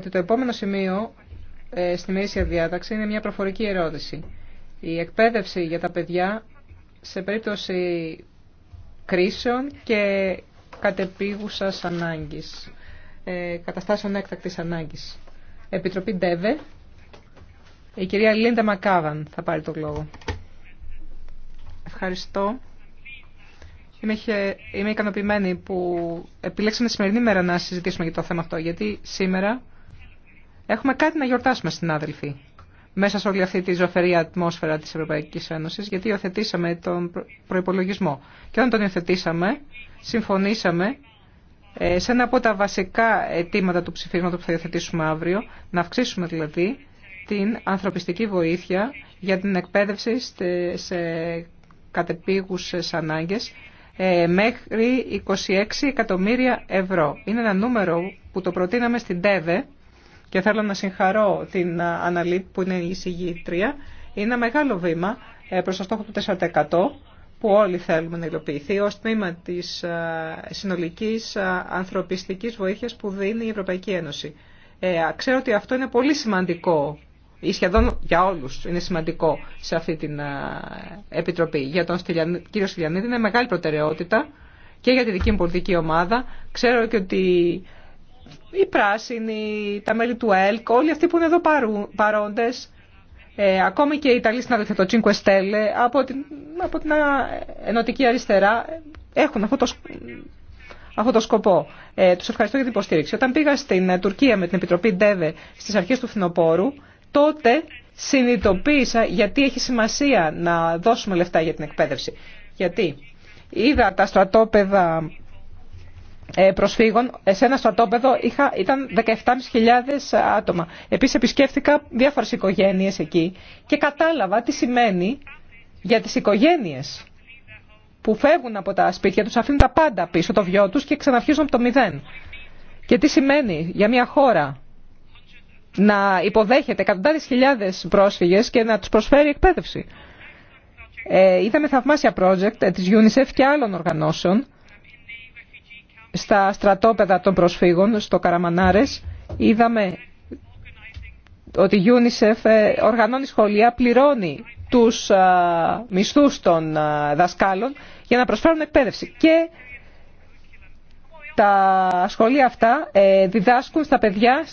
ότι το επόμενο σημείο ε, στη μέση διάταξη είναι μια προφορική ερώτηση. Η εκπαίδευση για τα παιδιά σε περίπτωση κρίσεων και κατεπίγουσας ανάγκης, ε, καταστάσεων έκτακτης ανάγκης. Επιτροπή ΝΤΕΒΕ, η κυρία Λίντα Μακάβαν θα πάρει το λόγο. Ευχαριστώ. Είμαι, είμαι ικανοποιημένη που επιλέξαμε τη σημερινή μέρα να συζητήσουμε για το θέμα αυτό, γιατί σήμερα Έχουμε κάτι να γιορτάσουμε, στην Άδελφη μέσα σε όλη αυτή τη ζωφερή ατμόσφαιρα της Ευρωπαϊκής Ένωσης, γιατί υιοθετήσαμε τον προϋπολογισμό. Και όταν τον υιοθετήσαμε, συμφωνήσαμε ε, σε ένα από τα βασικά αιτήματα του ψηφίσματος που θα υιοθετήσουμε αύριο, να αυξήσουμε δηλαδή την ανθρωπιστική βοήθεια για την εκπαίδευση σε κατεπίγουσες ανάγκες ε, μέχρι 26 εκατομμύρια ευρώ. Είναι ένα νούμερο που το προτείναμε στην ΤΕΒΕ και θέλω να συγχαρώ την ε, αναλή που είναι η συγγήτρια. Είναι ένα μεγάλο βήμα ε, προς το στόχο του 4% που όλοι θέλουμε να υλοποιηθεί ως τμήμα της ε, συνολικής ανθρωπιστικής βοήθειας που δίνει η Ευρωπαϊκή Ένωση. ξέρω ότι αυτό είναι πολύ σημαντικό ή σχεδόν για όλους είναι σημαντικό σε αυτή την Επιτροπή. Για τον κύριο Στυλιανίδη είναι μεγάλη προτεραιότητα και για τη δική μου πολιτική ομάδα. Ξέρω και ότι οι πράσινοι, τα μέλη του ΕΛΚ, όλοι αυτοί που είναι εδώ παρόντες, ε, ακόμη και οι Ιταλοί συναδελφοί, το Τσίνκο Εστέλε, από την, από την ενωτική αριστερά, έχουν αυτό το, αυτό το σκοπό. Ε, τους ευχαριστώ για την υποστήριξη. Όταν πήγα στην ε, Τουρκία με την Επιτροπή ΝΤΕΒΕ στι αρχές του φθινοπόρου, τότε συνειδητοποίησα γιατί έχει σημασία να δώσουμε λεφτά για την εκπαίδευση. Γιατί είδα τα στρατόπεδα ε, προσφύγων σε ένα στρατόπεδο ήταν 17.500 άτομα. Επίσης επισκέφθηκα διάφορες οικογένειες εκεί και κατάλαβα τι σημαίνει για τις οικογένειες που φεύγουν από τα σπίτια τους, αφήνουν τα πάντα πίσω το βιό τους και ξαναρχίζουν από το μηδέν. Και τι σημαίνει για μια χώρα να υποδέχεται εκατοντάδες χιλιάδες πρόσφυγες και να τους προσφέρει εκπαίδευση. Ε, είδαμε θαυμάσια project ε, της UNICEF και άλλων οργανώσεων στα στρατόπεδα των προσφύγων, στο Καραμανάρες, είδαμε ότι η UNICEF ε, οργανώνει σχολεία, πληρώνει τους μισθούς των δασκάλων για να προσφέρουν εκπαίδευση. Και τα σχολεία αυτά ε, διδάσκουν στα παιδιά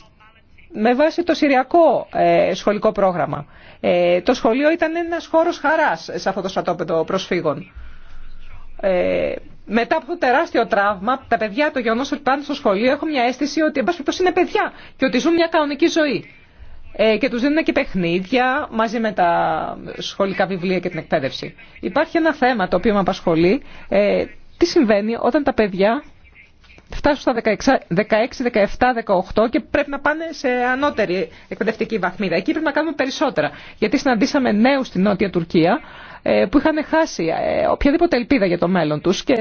με βάση το συριακό ε, σχολικό πρόγραμμα. Το σχολείο ήταν ένας χώρος χαράς σε αυτό το στρατόπεδο προσφύγων ε, μετά από το τεράστιο τραύμα, τα παιδιά, το γεγονό ότι πάνε στο σχολείο, έχουν μια αίσθηση ότι εν είναι παιδιά και ότι ζουν μια κανονική ζωή. Ε, και του δίνουν και παιχνίδια μαζί με τα σχολικά βιβλία και την εκπαίδευση. Υπάρχει ένα θέμα το οποίο με απασχολεί. Ε, τι συμβαίνει όταν τα παιδιά φτάσουν στα 16, 16, 17, 18 και πρέπει να πάνε σε ανώτερη εκπαιδευτική βαθμίδα. Εκεί πρέπει να κάνουμε περισσότερα. Γιατί συναντήσαμε νέου στην Νότια Τουρκία ε, που είχαν χάσει ε, οποιαδήποτε ελπίδα για το μέλλον τους και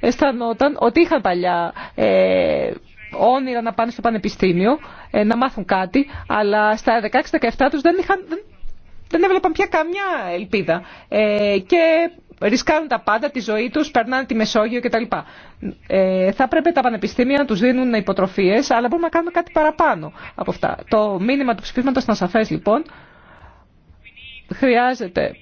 αισθανόταν ότι είχαν παλιά ε, όνειρα να πάνε στο πανεπιστήμιο, να μάθουν κάτι, αλλά στα 16-17 τους δεν, είχαν, δεν, έβλεπαν πια καμιά ελπίδα. και ρισκάνουν τα πάντα, τη ζωή τους, περνάνε τη Μεσόγειο κτλ. Ε, θα πρέπει τα πανεπιστήμια να τους δίνουν υποτροφίες, αλλά μπορούμε να κάνουμε κάτι παραπάνω από αυτά. Το μήνυμα του ψηφίσματος ήταν σαφές λοιπόν. Χρειάζεται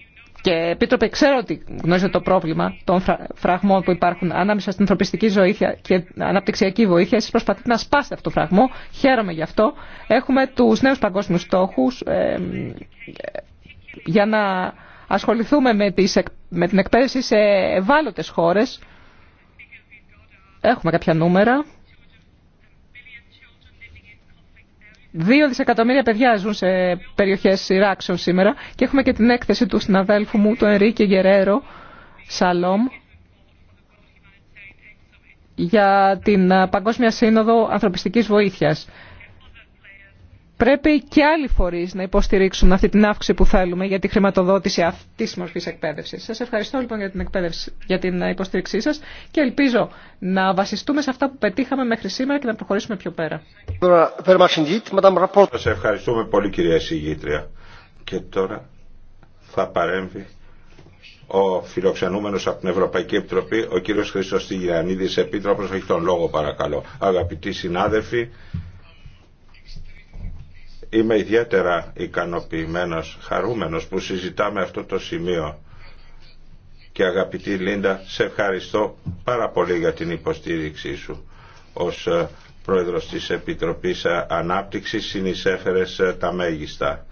και επίτροπε, ξέρω ότι γνωρίζετε το πρόβλημα των φραγμών που υπάρχουν ανάμεσα στην ανθρωπιστική ζωή και αναπτυξιακή βοήθεια. Εσεί προσπαθείτε να σπάσετε αυτό το φραγμό. Χαίρομαι γι' αυτό. Έχουμε του νέου παγκόσμιου στόχου ε, ε, για να ασχοληθούμε με, τις, με την εκπαίδευση σε ευάλωτε χώρε. Έχουμε κάποια νούμερα. Δύο δισεκατομμύρια παιδιά ζουν σε περιοχέ Ιράξεων σήμερα και έχουμε και την έκθεση του συναδέλφου μου, του Ερίκη Γερέρο Σαλόμ, για την ε, Παγκόσμια Σύνοδο Ανθρωπιστική Βοήθεια. Πρέπει και άλλοι φορεί να υποστηρίξουν αυτή την αύξηση που θέλουμε για τη χρηματοδότηση αυτή τη μορφή εκπαίδευση. Σα ευχαριστώ λοιπόν για την, εκπαίδευση, για την υποστήριξή σα και ελπίζω να βασιστούμε σε αυτά που πετύχαμε μέχρι σήμερα και να προχωρήσουμε πιο πέρα. Σα ευχαριστούμε πολύ κυρία Συγήτρια. Και τώρα θα παρέμβει ο φιλοξενούμενος από την Ευρωπαϊκή Επιτροπή, ο κύριος Χρήστος Τηγιαννίδης, Επίτροπος, έχει τον λόγο παρακαλώ. Αγαπητοί συνάδελφοι, Είμαι ιδιαίτερα ικανοποιημένος, χαρούμενος που συζητάμε αυτό το σημείο. Και αγαπητή Λίντα, σε ευχαριστώ πάρα πολύ για την υποστήριξή σου ως ε, πρόεδρος της Επιτροπής ε, Ανάπτυξης συνεισέφερες ε, τα μέγιστα.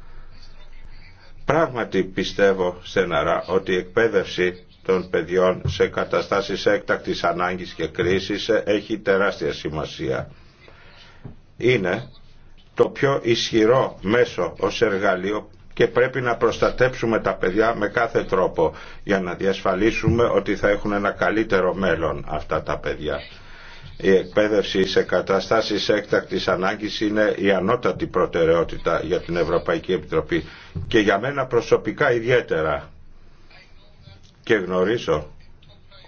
Πράγματι πιστεύω στεναρά ότι η εκπαίδευση των παιδιών σε καταστάσεις έκτακτης ανάγκης και κρίσης έχει τεράστια σημασία. Είναι το πιο ισχυρό μέσο ως εργαλείο και πρέπει να προστατέψουμε τα παιδιά με κάθε τρόπο για να διασφαλίσουμε ότι θα έχουν ένα καλύτερο μέλλον αυτά τα παιδιά. Η εκπαίδευση σε καταστάσεις έκτακτης ανάγκης είναι η ανώτατη προτεραιότητα για την Ευρωπαϊκή Επιτροπή και για μένα προσωπικά ιδιαίτερα. Και γνωρίζω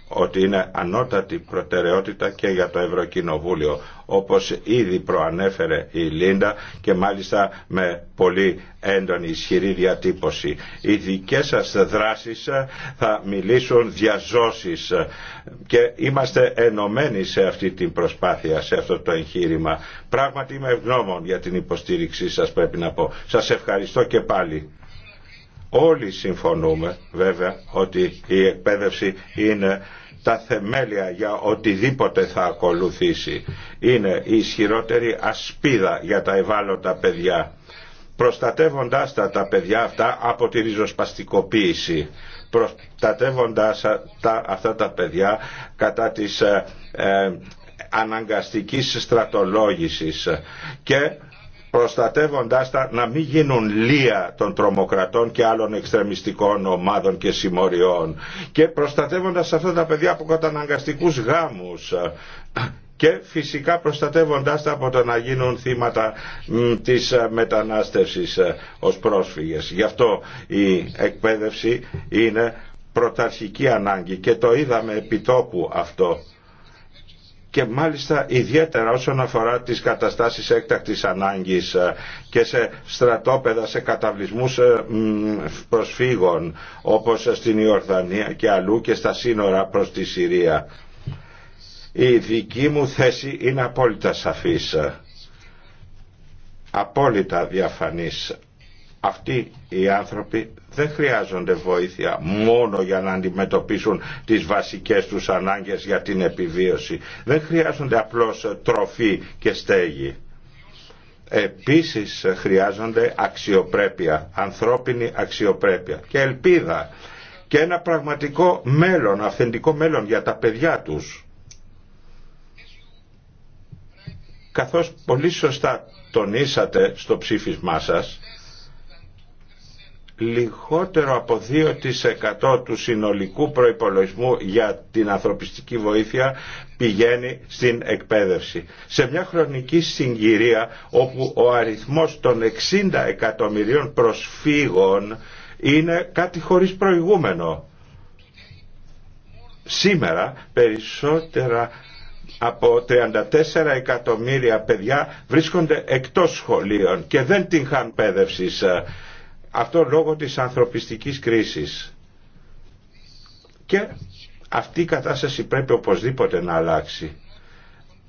ότι είναι ανώτατη προτεραιότητα και για το Ευρωκοινοβούλιο όπως ήδη προανέφερε η Λίντα και μάλιστα με πολύ έντονη ισχυρή διατύπωση. Οι δικές σας δράσεις θα μιλήσουν διαζώσεις και είμαστε ενωμένοι σε αυτή την προσπάθεια, σε αυτό το εγχείρημα. Πράγματι είμαι ευγνώμων για την υποστήριξή σας πρέπει να πω. Σας ευχαριστώ και πάλι. Όλοι συμφωνούμε βέβαια ότι η εκπαίδευση είναι τα θεμέλια για οτιδήποτε θα ακολουθήσει. Είναι η ισχυρότερη ασπίδα για τα ευάλωτα παιδιά προστατεύοντάς τα, τα παιδιά αυτά από τη ριζοσπαστικοποίηση προστατεύοντας τα, αυτά τα παιδιά κατά της ε, ε αναγκαστικής στρατολόγησης και προστατεύοντάς τα να μην γίνουν λία των τρομοκρατών και άλλων εξτρεμιστικών ομάδων και συμμοριών και προστατεύοντας αυτά τα παιδιά από καταναγκαστικούς γάμους και φυσικά προστατεύοντάς τα από το να γίνουν θύματα της ε, μετανάστευσης ε, ως πρόσφυγες. Γι' αυτό η εκπαίδευση είναι πρωταρχική ανάγκη και το είδαμε επιτόπου αυτό και μάλιστα ιδιαίτερα όσον αφορά τις καταστάσεις έκτακτης ανάγκης ε, και σε στρατόπεδα, σε καταβλισμούς ε, προσφύγων όπως στην Ιορδανία και αλλού και στα σύνορα προς τη Συρία. Η δική μου θέση είναι απόλυτα σαφής, ε, απόλυτα διαφανής αυτοί οι άνθρωποι δεν χρειάζονται βοήθεια μόνο για να αντιμετωπίσουν τις βασικές τους ανάγκες για την επιβίωση. Δεν χρειάζονται απλώς τροφή και στέγη. Επίσης χρειάζονται αξιοπρέπεια, ανθρώπινη αξιοπρέπεια και ελπίδα και ένα πραγματικό μέλλον, αυθεντικό μέλλον για τα παιδιά τους. Καθώς πολύ σωστά τονίσατε στο ψήφισμά σας, λιγότερο από 2% του συνολικού προϋπολογισμού για την ανθρωπιστική βοήθεια πηγαίνει στην εκπαίδευση. Σε μια χρονική συγκυρία όπου ο αριθμός των 60 εκατομμυρίων προσφύγων είναι κάτι χωρίς προηγούμενο. Σήμερα περισσότερα από 34 εκατομμύρια παιδιά βρίσκονται εκτός σχολείων και δεν την χάνουν αυτό λόγω της ανθρωπιστικής κρίσης. Και αυτή η κατάσταση πρέπει οπωσδήποτε να αλλάξει.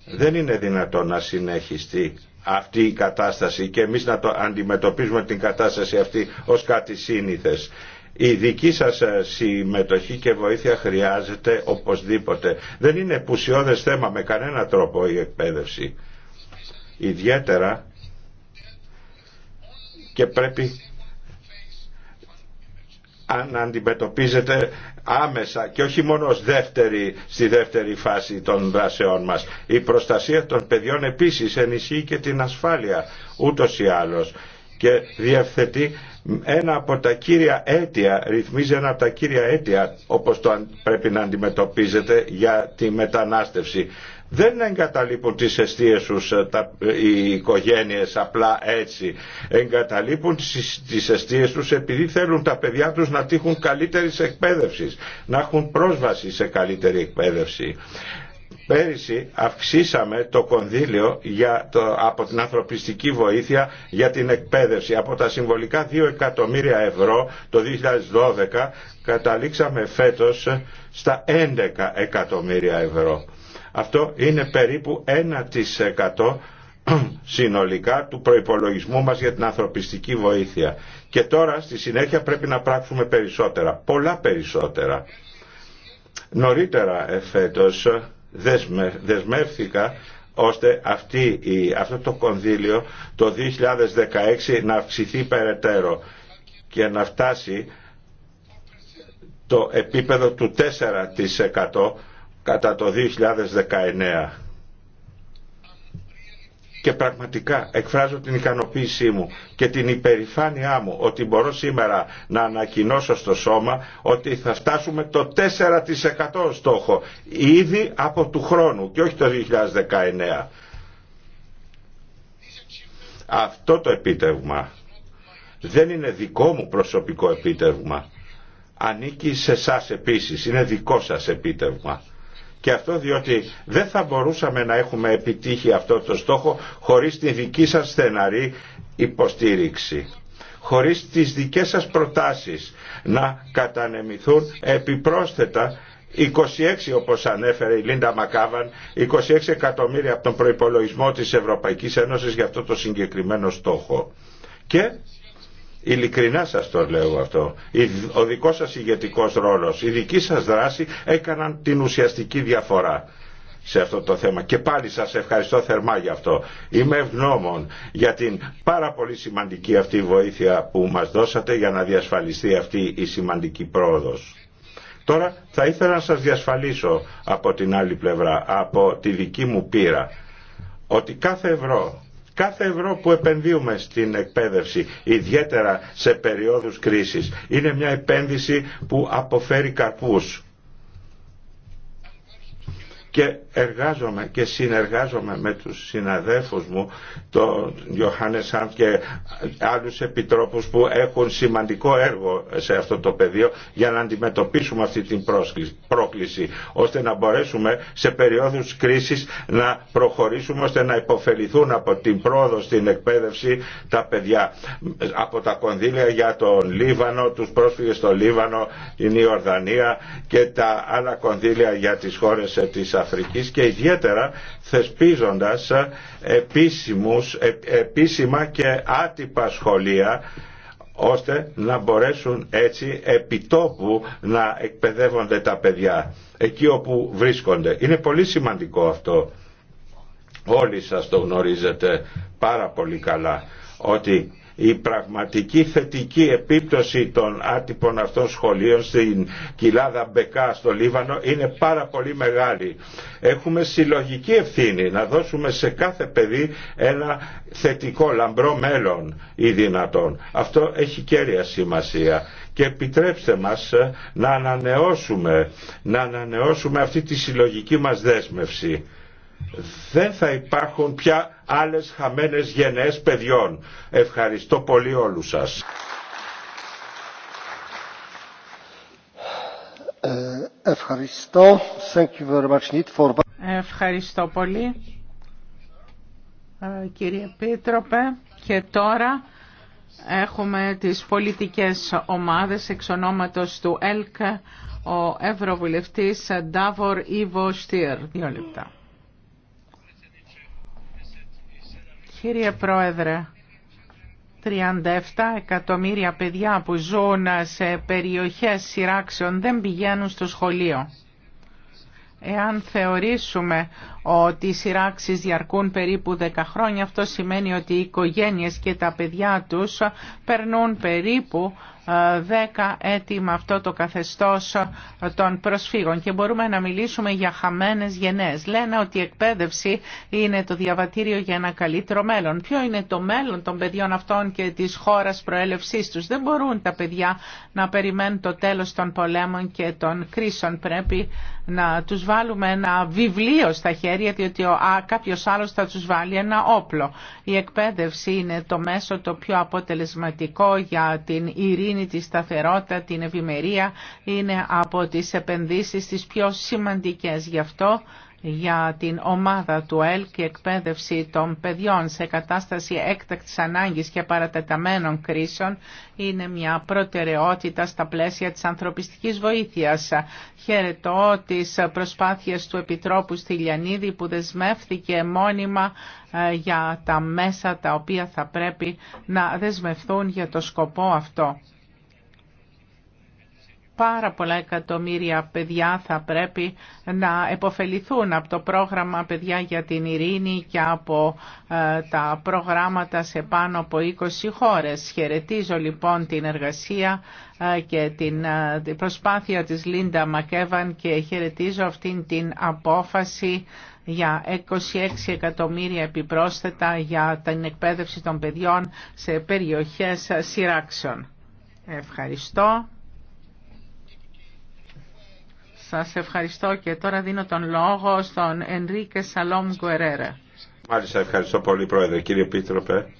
Δεν είναι δυνατόν να συνεχιστεί αυτή η κατάσταση και εμείς να το αντιμετωπίζουμε την κατάσταση αυτή ως κάτι σύνηθες. Η δική σας ε, συμμετοχή και βοήθεια χρειάζεται οπωσδήποτε. Δεν είναι πουσιώδες θέμα με κανένα τρόπο η εκπαίδευση. Ιδιαίτερα και πρέπει αν αντιμετωπίζεται άμεσα και όχι μόνο δεύτερη, στη δεύτερη φάση των δράσεών μας. Η προστασία των παιδιών επίσης ενισχύει και την ασφάλεια ούτως ή άλλως και διευθετεί ένα από τα κύρια αίτια, ρυθμίζει ένα από τα κύρια αίτια όπως το πρέπει να αντιμετωπίζεται για τη μετανάστευση δεν εγκαταλείπουν τις αιστείες τους ε, ε, οι οικογένειες απλά έτσι. Εγκαταλείπουν τις, τις αιστείες τους επειδή θέλουν τα παιδιά τους να τύχουν καλύτερης εκπαίδευση, να έχουν πρόσβαση σε καλύτερη εκπαίδευση. Πέρυσι αυξήσαμε το κονδύλιο για το, από την ανθρωπιστική βοήθεια για την εκπαίδευση. Από τα συμβολικά 2 εκατομμύρια ευρώ το 2012 καταλήξαμε φέτος στα 11 εκατομμύρια ευρώ. Αυτό είναι περίπου 1% συνολικά του προϋπολογισμού μας για την ανθρωπιστική βοήθεια. Και τώρα στη συνέχεια πρέπει να πράξουμε περισσότερα, πολλά περισσότερα. Νωρίτερα εφέτος δεσμεύθηκα ώστε αυτή η, αυτό το κονδύλιο το 2016 να αυξηθεί περαιτέρω και να φτάσει το επίπεδο του 4% κατά το 2019. Και πραγματικά εκφράζω την ικανοποίησή μου και την υπερηφάνειά μου ότι μπορώ σήμερα να ανακοινώσω στο σώμα ότι θα φτάσουμε το 4% στόχο ήδη από του χρόνου και όχι το 2019. Αυτό το επίτευγμα δεν είναι δικό μου προσωπικό επίτευγμα. Ανήκει σε εσά επίσης, είναι δικό σας επίτευγμα. Και αυτό διότι δεν θα μπορούσαμε να έχουμε επιτύχει αυτό το στόχο χωρίς τη δική σας στεναρή υποστήριξη χωρίς τις δικές σας προτάσεις να κατανεμηθούν επιπρόσθετα 26 όπως ανέφερε η Λίντα Μακάβαν, 26 εκατομμύρια από τον προϋπολογισμό της Ευρωπαϊκής Ένωσης για αυτό το συγκεκριμένο στόχο. Και Ειλικρινά σα το λέω αυτό. Ο δικό σα ηγετικό ρόλος, η δική σας δράση έκαναν την ουσιαστική διαφορά σε αυτό το θέμα. Και πάλι σας ευχαριστώ θερμά για αυτό. Είμαι ευγνώμων για την πάρα πολύ σημαντική αυτή βοήθεια που μας δώσατε για να διασφαλιστεί αυτή η σημαντική πρόοδος. Τώρα θα ήθελα να σας διασφαλίσω από την άλλη πλευρά, από τη δική μου πείρα, ότι κάθε ευρώ Κάθε ευρώ που επενδύουμε στην εκπαίδευση, ιδιαίτερα σε περιόδους κρίσης, είναι μια επένδυση που αποφέρει καρπούς και εργάζομαι και συνεργάζομαι με τους συναδέλφους μου τον Γιωχάννε Σάντ και άλλους επιτρόπους που έχουν σημαντικό έργο σε αυτό το πεδίο για να αντιμετωπίσουμε αυτή την πρόκληση ώστε να μπορέσουμε σε περιόδους κρίσης να προχωρήσουμε ώστε να υποφεληθούν από την πρόοδο στην εκπαίδευση τα παιδιά από τα κονδύλια για τον Λίβανο, τους πρόσφυγες στο Λίβανο, την Ιορδανία και τα άλλα κονδύλια για τις χώρες της Αφρικής και ιδιαίτερα θεσπίζοντας ε, επίσημους, ε, επίσημα και άτυπα σχολεία ώστε να μπορέσουν έτσι επιτόπου να εκπαιδεύονται τα παιδιά εκεί όπου βρίσκονται. Είναι πολύ σημαντικό αυτό. Όλοι σας το γνωρίζετε πάρα πολύ καλά ότι η πραγματική θετική επίπτωση των άτυπων αυτών σχολείων στην κοιλάδα Μπεκά στο Λίβανο είναι πάρα πολύ μεγάλη. Έχουμε συλλογική ευθύνη να δώσουμε σε κάθε παιδί ένα θετικό λαμπρό μέλλον ή δυνατόν. Αυτό έχει κέρια σημασία και επιτρέψτε μας ε, να ανανεώσουμε, να ανανεώσουμε αυτή τη συλλογική μας δέσμευση. Δεν θα υπάρχουν πια άλλες χαμένες γενναίες παιδιών. Ευχαριστώ πολύ όλους σας. Ε, ευχαριστώ. Thank you very much. For... Ευχαριστώ πολύ. Ε, κύριε Πίτροπε, και τώρα έχουμε τις πολιτικές ομάδες εξ του ΕΛΚ, ο Ευρωβουλευτής Ντάβορ Ιβο Στυρ. Δύο λεπτά. Κύριε Πρόεδρε, 37 εκατομμύρια παιδιά που ζουν σε περιοχές σειράξεων δεν πηγαίνουν στο σχολείο. Εάν θεωρήσουμε ότι οι σειράξεις διαρκούν περίπου 10 χρόνια. Αυτό σημαίνει ότι οι οικογένειες και τα παιδιά τους περνούν περίπου 10 έτη με αυτό το καθεστώς ε, των προσφύγων και μπορούμε να μιλήσουμε για χαμένες γενναίες. Λένε ότι η εκπαίδευση είναι το διαβατήριο για ένα καλύτερο μέλλον. Ποιο είναι το μέλλον των παιδιών αυτών και της χώρας προέλευσής τους. Δεν μπορούν τα παιδιά να περιμένουν το τέλος των πολέμων και των κρίσεων. Πρέπει να τους βάλουμε ένα βιβλίο στα χέρια περιφέρεια διότι ο, α, κάποιος άλλος θα τους βάλει ένα όπλο. Η εκπαίδευση είναι το μέσο το πιο αποτελεσματικό για την ειρήνη, τη σταθερότητα, την ευημερία. Είναι από τις επενδύσεις τις πιο σημαντικές. Γι' αυτό για την ομάδα του ΕΛ και εκπαίδευση των παιδιών σε κατάσταση έκτακτης ανάγκης και παρατεταμένων κρίσεων είναι μια προτεραιότητα στα πλαίσια της ανθρωπιστικής βοήθειας. Χαιρετώ τις προσπάθειες του Επιτρόπου Λιανίδη που δεσμεύθηκε μόνιμα ε, για τα μέσα τα οποία θα πρέπει να δεσμευθούν για το σκοπό αυτό πάρα πολλά εκατομμύρια παιδιά θα πρέπει να επωφεληθούν από το πρόγραμμα Παιδιά για την Ειρήνη και από ε, τα προγράμματα σε πάνω από 20 χώρες. Χαιρετίζω λοιπόν την εργασία ε, και ε, την προσπάθεια της Λίντα Μακέβαν και χαιρετίζω αυτήν την απόφαση για 26 εκατομμύρια επιπρόσθετα για την εκπαίδευση των παιδιών σε περιοχές σειράξεων. Ευχαριστώ. Σας ευχαριστώ και τώρα δίνω τον λόγο στον Ενρίκε Σαλόμ Γκουερέρα. Μάλιστα, ευχαριστώ πολύ Πρόεδρε. Κύριε Επίτροπε,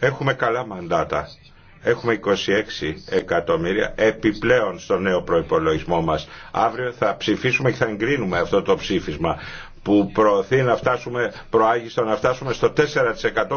έχουμε καλά μαντάτα. Έχουμε 26 εκατομμύρια επιπλέον στο νέο προϋπολογισμό μας. Αύριο θα ψηφίσουμε και θα εγκρίνουμε αυτό το ψήφισμα που προωθεί να φτάσουμε προάγιστο να φτάσουμε στο 4%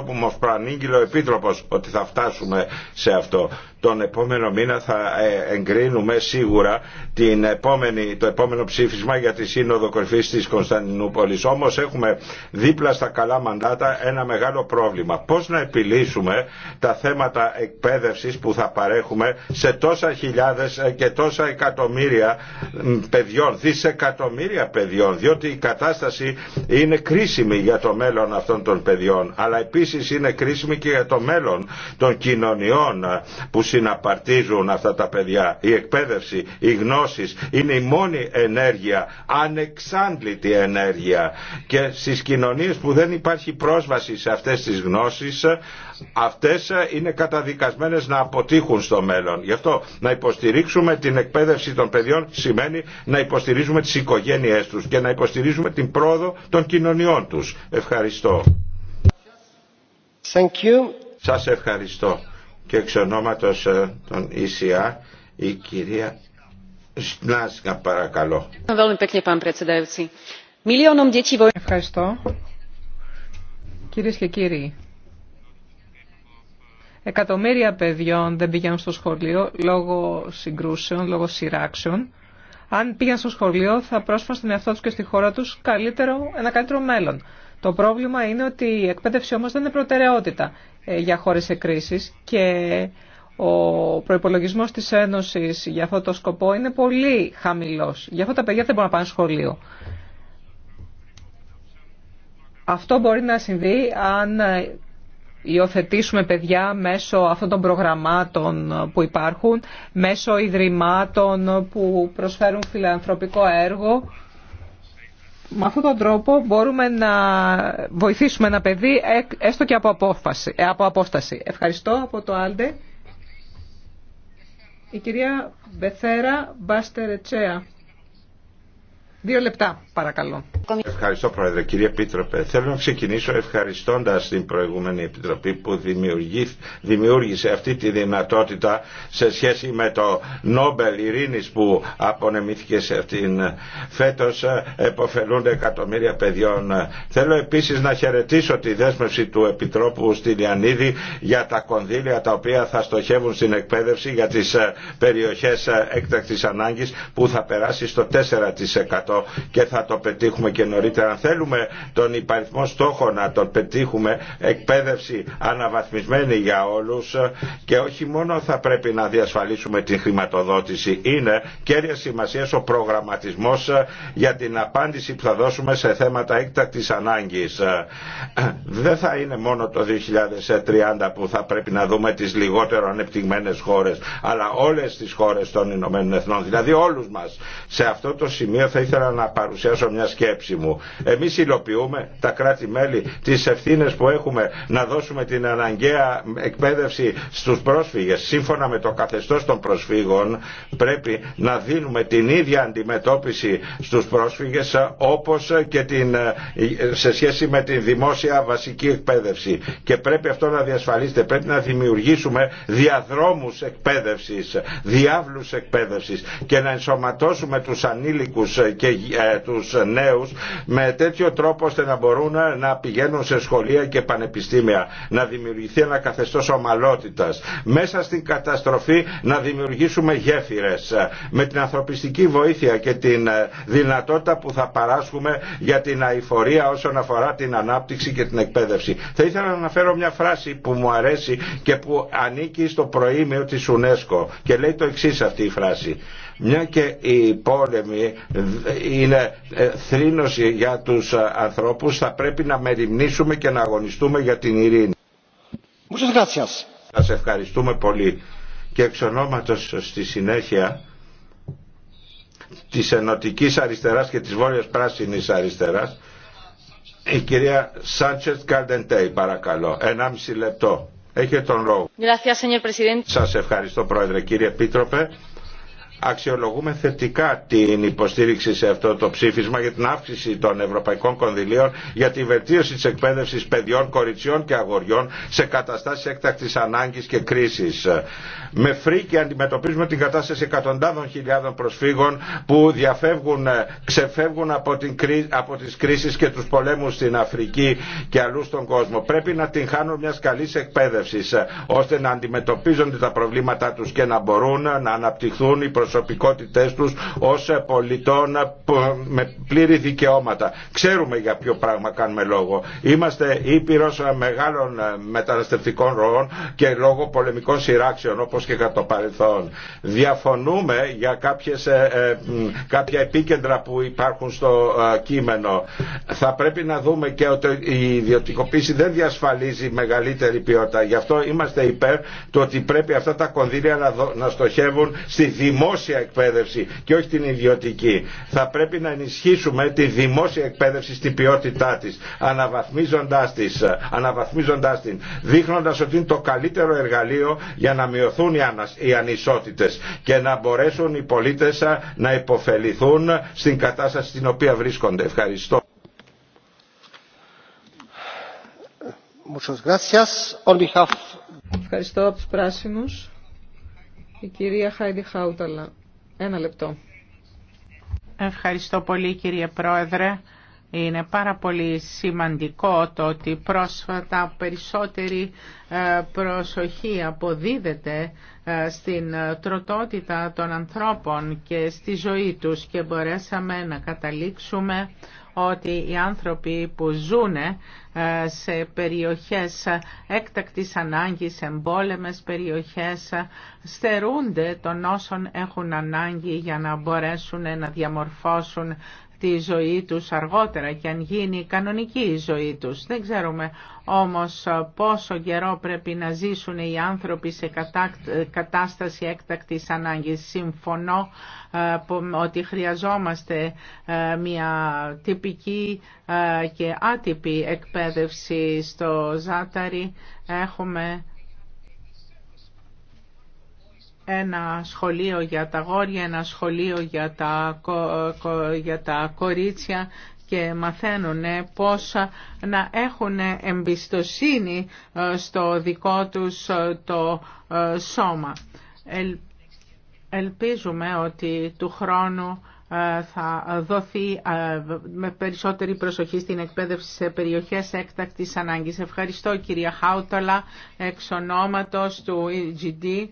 που μας προανήγγειλε ο Επίτροπος ότι θα φτάσουμε σε αυτό. Τον επόμενο μήνα θα ε, εγκρίνουμε σίγουρα την επόμενη, το επόμενο ψήφισμα για τη Σύνοδο Κορυφής της Κωνσταντινούπολης. Όμως έχουμε δίπλα στα καλά μαντάτα ένα μεγάλο πρόβλημα. Πώς να επιλύσουμε τα θέματα εκπαίδευσης που θα παρέχουμε σε τόσα χιλιάδες ε, και τόσα εκατομμύρια παιδιών, δισεκατομμύρια παιδιών, διότι η κατάσταση είναι κρίσιμη για το μέλλον αυτών των παιδιών αλλά επίσης είναι κρίσιμη και για το μέλλον των κοινωνιών που συναπαρτίζουν αυτά τα παιδιά. Η εκπαίδευση, οι γνώσεις είναι η μόνη ενέργεια, ανεξάντλητη ενέργεια και στις κοινωνίες που δεν υπάρχει πρόσβαση σε αυτές τις γνώσεις αυτές είναι καταδικασμένες να αποτύχουν στο μέλλον. Γι' αυτό να υποστηρίξουμε την εκπαίδευση των παιδιών σημαίνει να υποστηρίζουμε τις οικογένειές τους και να υποστηρίζουμε την πρόσβαση πρόοδο κοινωνιών τους. Ευχαριστώ. Σας ευχαριστώ. Και εξ ονόματος ε, των ΙΣΙΑ η κυρία Σνάσκα παρακαλώ. Ευχαριστώ. Κυρίες και κύριοι, εκατομμύρια παιδιών δεν πηγαίνουν στο σχολείο λόγω συγκρούσεων, λόγω σειράξεων αν πήγαν στο σχολείο θα πρόσφεραν στον εαυτό τους και στη χώρα τους καλύτερο, ένα καλύτερο μέλλον. Το πρόβλημα είναι ότι η εκπαίδευση όμω δεν είναι προτεραιότητα ε, για χώρε σε κρίση και ο προπολογισμό τη Ένωση για αυτό το σκοπό είναι πολύ χαμηλό. Γι' αυτό τα παιδιά δεν μπορούν να πάνε σχολείο. Αυτό μπορεί να συμβεί αν υιοθετήσουμε παιδιά μέσω αυτών των προγραμμάτων που υπάρχουν, μέσω ιδρυμάτων που προσφέρουν φιλανθρωπικό έργο. Με αυτόν τον τρόπο μπορούμε να βοηθήσουμε ένα παιδί έστω και από, απόφαση, από απόσταση. Ευχαριστώ από το Άλντε. Η κυρία Μπεθέρα Μπάστερετσέα. Δύο λεπτά παρακαλώ. Ευχαριστώ Πρόεδρε. Κύριε Επίτροπε, θέλω να ξεκινήσω ευχαριστώντας την προηγούμενη Επιτροπή που δημιούργησε αυτή τη δυνατότητα σε σχέση με το Νόμπελ Ειρήνης που απονεμήθηκε σε αυτήν. Φέτος ε, εποφελούνται εκατομμύρια παιδιών. Θέλω επίσης να χαιρετήσω τη δέσμευση του Επιτρόπου στη Λιανίδη για τα κονδύλια τα οποία θα στοχεύουν στην εκπαίδευση για τις ε, περιοχές ε, έκτακτης ανάγκης που θα περάσει στο 4% και θα το πετύχουμε και νωρίτερα, αν θέλουμε τον υπαριθμό στόχο να τον πετύχουμε, εκπαίδευση αναβαθμισμένη για όλους ε, και όχι μόνο θα πρέπει να διασφαλίσουμε την χρηματοδότηση, είναι κέρια σημασία ο προγραμματισμός ε, για την απάντηση που θα δώσουμε σε θέματα έκτακτης ανάγκης. Ε, δεν θα είναι μόνο το 2030 που θα πρέπει να δούμε τις λιγότερο ανεπτυγμένες χώρες, αλλά όλες τις χώρες των Ηνωμένων Εθνών, δηλαδή όλους μας. Σε αυτό το σημείο θα ήθελα να παρουσιάσω μια σκέψη εμείς υλοποιούμε τα κράτη-μέλη τις ευθύνε που έχουμε να δώσουμε την αναγκαία εκπαίδευση στους πρόσφυγες. Σύμφωνα με το καθεστώς των προσφύγων πρέπει να δίνουμε την ίδια αντιμετώπιση στους πρόσφυγες όπως και την, σε σχέση με την δημόσια βασική εκπαίδευση. Και πρέπει αυτό να διασφαλίσετε. Πρέπει να δημιουργήσουμε διαδρόμου εκπαίδευση, διάβλου εκπαίδευση και να ενσωματώσουμε τους ανήλικους και ε, τους νέους με τέτοιο τρόπο ώστε να μπορούν να πηγαίνουν σε σχολεία και πανεπιστήμια, να δημιουργηθεί ένα καθεστώς ομαλότητας. Μέσα στην καταστροφή να δημιουργήσουμε γέφυρες ε, με την ανθρωπιστική βοήθεια και την ε, δυνατότητα που θα παράσχουμε για την αηφορία όσον αφορά την ανάπτυξη και την εκπαίδευση. Θα ήθελα να αναφέρω μια φράση που μου αρέσει και που ανήκει στο προήμιο της UNESCO και λέει το εξής αυτή η φράση. Μια και η πόλεμοι είναι ε, θρήνωση για τους ε, ανθρώπους, θα πρέπει να μεριμνήσουμε και να αγωνιστούμε για την ειρήνη. Σας ευχαριστούμε πολύ. Και εξ ε, στη συνέχεια της Ενωτικής Αριστεράς και της Βόρειας Πράσινης Αριστεράς, η κυρία Σάντσετ Καρντεντέι παρακαλώ. μισή λεπτό. Έχετε τον λόγο. Gracias, Σας ευχαριστώ, Πρόεδρε. Κύριε Επίτροπε, αξιολογούμε θετικά την υποστήριξη σε αυτό το ψήφισμα για την αύξηση των ευρωπαϊκών κονδυλίων για τη βελτίωση της εκπαίδευσης παιδιών, κοριτσιών και αγοριών σε καταστάσεις έκτακτης ανάγκης και κρίσης. Με φρίκη αντιμετωπίζουμε την κατάσταση εκατοντάδων χιλιάδων προσφύγων που διαφεύγουν, ε, ξεφεύγουν από, την, από τις κρίσεις και τους πολέμους στην Αφρική και αλλού στον κόσμο. Πρέπει να την χάνουν μια καλής εκπαίδευσης ε, ώστε να αντιμετωπίζονται τα προβλήματά τους και να μπορούν ε, να αναπτυχθούν οι προσωπικότητές τους ως πολιτών με πλήρη δικαιώματα. Ξέρουμε για ποιο πράγμα κάνουμε λόγο. Είμαστε ήπειρος μεγάλων μεταναστευτικών ροών και λόγω πολεμικών σειράξεων όπως και κατά το παρελθόν. Διαφωνούμε για κάποιες, ε, ε, κάποια επίκεντρα που υπάρχουν στο ε, κείμενο. Θα πρέπει να δούμε και ότι η ιδιωτικοποίηση δεν διασφαλίζει μεγαλύτερη ποιότητα. Γι' αυτό είμαστε υπέρ του ότι πρέπει αυτά τα κονδύλια να στοχεύουν στη δημόσια δημόσια εκπαίδευση και όχι την ιδιωτική. Θα πρέπει να ενισχύσουμε τη δημόσια εκπαίδευση στην ποιότητά της, αναβαθμίζοντάς, της, ε, αναβαθμίζοντάς την, δείχνοντας ότι είναι το καλύτερο εργαλείο για να μειωθούν οι ανισότητες και να μπορέσουν οι πολίτες ε, να υποφεληθούν στην κατάσταση στην οποία βρίσκονται. Ευχαριστώ. Ευχαριστώ τους πράσινους. Η κυρία Χάιντι Χάουταλα. Ένα λεπτό. Ευχαριστώ πολύ κύριε Πρόεδρε. Είναι πάρα πολύ σημαντικό το ότι πρόσφατα περισσότερη ε, προσοχή αποδίδεται ε, στην ε, τροτότητα των ανθρώπων και στη ζωή τους και μπορέσαμε να καταλήξουμε ότι οι άνθρωποι που ζούνε σε περιοχές έκτακτης ανάγκης, εμπόλεμες περιοχές, στερούνται των όσων έχουν ανάγκη για να μπορέσουν να διαμορφώσουν τη ζωή τους αργότερα και αν γίνει κανονική η ζωή τους. Δεν ξέρουμε όμως πόσο καιρό πρέπει να ζήσουν οι άνθρωποι σε κατάσταση έκτακτης ανάγκης. Συμφωνώ ε, ότι χρειαζόμαστε ε, μια τυπική ε, και άτυπη εκπαίδευση στο Ζάταρι. Έχουμε ένα σχολείο για τα γόρια, ένα σχολείο για τα, για τα κορίτσια και μαθαίνουν πώς να έχουν εμπιστοσύνη ε, στο δικό τους ε, το ε, σώμα. Ελπίζουμε ότι του χρόνου θα δοθεί με περισσότερη προσοχή στην εκπαίδευση σε περιοχές έκτακτης ανάγκης. Ευχαριστώ κυρία Χάουταλα, εξ ονόματος του EGD.